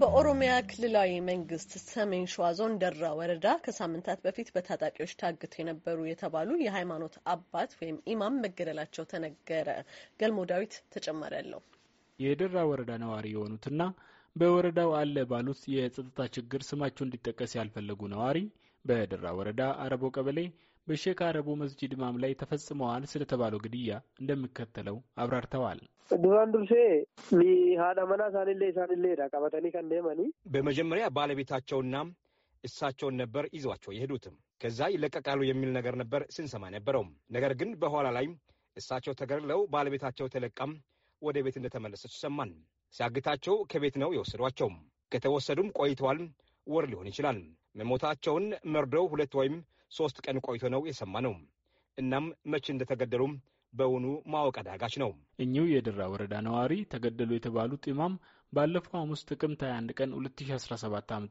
በኦሮሚያ ክልላዊ መንግስት ሰሜን ሸዋ ዞን ደራ ወረዳ ከሳምንታት በፊት በታጣቂዎች ታግተው የነበሩ የተባሉ የሃይማኖት አባት ወይም ኢማም መገደላቸው ተነገረ። ገልሞ ዳዊት ተጨማሪ አለው። የደራ ወረዳ ነዋሪ የሆኑትና በወረዳው አለ ባሉት የጸጥታ ችግር ስማቸው እንዲጠቀስ ያልፈለጉ ነዋሪ በደራ ወረዳ አረቦ ቀበሌ በሼክ አረቡ መስጂድ ማም ላይ ተፈጽመዋል ስለተባለው ግድያ እንደሚከተለው አብራርተዋል። ዱራን ዱርሴ ሀዳ መና ሳንሌ ሳንሌ ቀበተኒ ከንደመኒ በመጀመሪያ ባለቤታቸውና እሳቸውን ነበር ይዟቸው የሄዱትም ከዛ ይለቀቃሉ የሚል ነገር ነበር ስንሰማ ነበረውም። ነገር ግን በኋላ ላይ እሳቸው ተገድለው ባለቤታቸው ተለቃም ወደ ቤት እንደተመለሰች ሰማን። ሲያግታቸው ከቤት ነው የወሰዷቸው። ከተወሰዱም ቆይተዋል፣ ወር ሊሆን ይችላል። መሞታቸውን መርዶው ሁለት ወይም ሶስት ቀን ቆይቶ ነው የሰማ ነው። እናም መቼ እንደተገደሉም በውኑ ማወቅ አዳጋች ነው። እኚሁ የድራ ወረዳ ነዋሪ ተገደሉ የተባሉት ኢማም ባለፈው ሐሙስ ጥቅምት 21 ቀን 2017 ዓ ም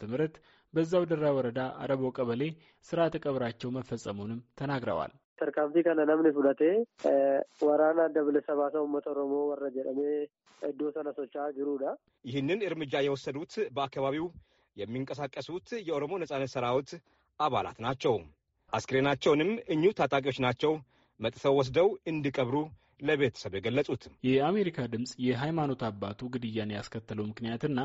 በዛው ድራ ወረዳ አረቦ ቀበሌ ስርዓተ ቀብራቸው መፈጸሙንም ተናግረዋል። ሰርካፊ ከነ ነምን ፍዳቴ ወራና ደብል ሰባሳ ኡመት ኦሮሞ ወረ ጀደሜ እዶ ሰነሶቻ ጅሩዳ ይህንን እርምጃ የወሰዱት በአካባቢው የሚንቀሳቀሱት የኦሮሞ ነጻነት ሰራዊት አባላት ናቸው። አስክሬናቸውንም እኙ ታጣቂዎች ናቸው መጥሰው ወስደው እንዲቀብሩ ለቤተሰብ የገለጹት የአሜሪካ ድምፅ የሃይማኖት አባቱ ግድያን ያስከተለው ምክንያትና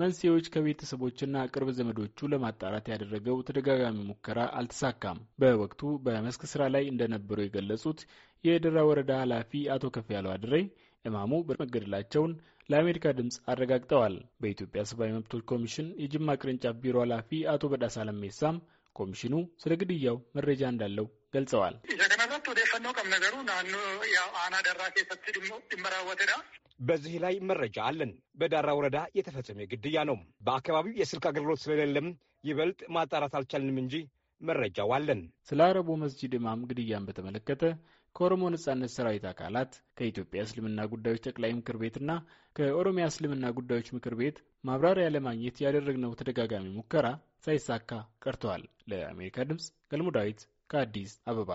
መንስኤዎች ከቤተሰቦችና ቅርብ ዘመዶቹ ለማጣራት ያደረገው ተደጋጋሚ ሙከራ አልተሳካም። በወቅቱ በመስክ ስራ ላይ እንደነበሩ የገለጹት የደራ ወረዳ ኃላፊ አቶ ከፍ ያለው አድረይ እማሙ መገደላቸውን ለአሜሪካ ድምፅ አረጋግጠዋል። በኢትዮጵያ ሰብአዊ መብቶች ኮሚሽን የጅማ ቅርንጫፍ ቢሮ ኃላፊ አቶ በዳሳ ለሜሳም ኮሚሽኑ ስለ ግድያው መረጃ እንዳለው ገልጸዋል። በዚህ ላይ መረጃ አለን። በዳራ ወረዳ የተፈጸመ ግድያ ነው። በአካባቢው የስልክ አገልግሎት ስለሌለም ይበልጥ ማጣራት አልቻልንም እንጂ መረጃው አለን። ስለ አረቡ መስጂድ ኢማም ግድያን በተመለከተ ከኦሮሞ ነጻነት ሰራዊት አካላት ከኢትዮጵያ እስልምና ጉዳዮች ጠቅላይ ምክር ቤትና ከኦሮሚያ እስልምና ጉዳዮች ምክር ቤት ማብራሪያ ለማግኘት ያደረግነው ተደጋጋሚ ሙከራ ሳይሳካ ቀርተዋል። ለአሜሪካ ድምፅ ገልሙ ዳዊት ከአዲስ አበባ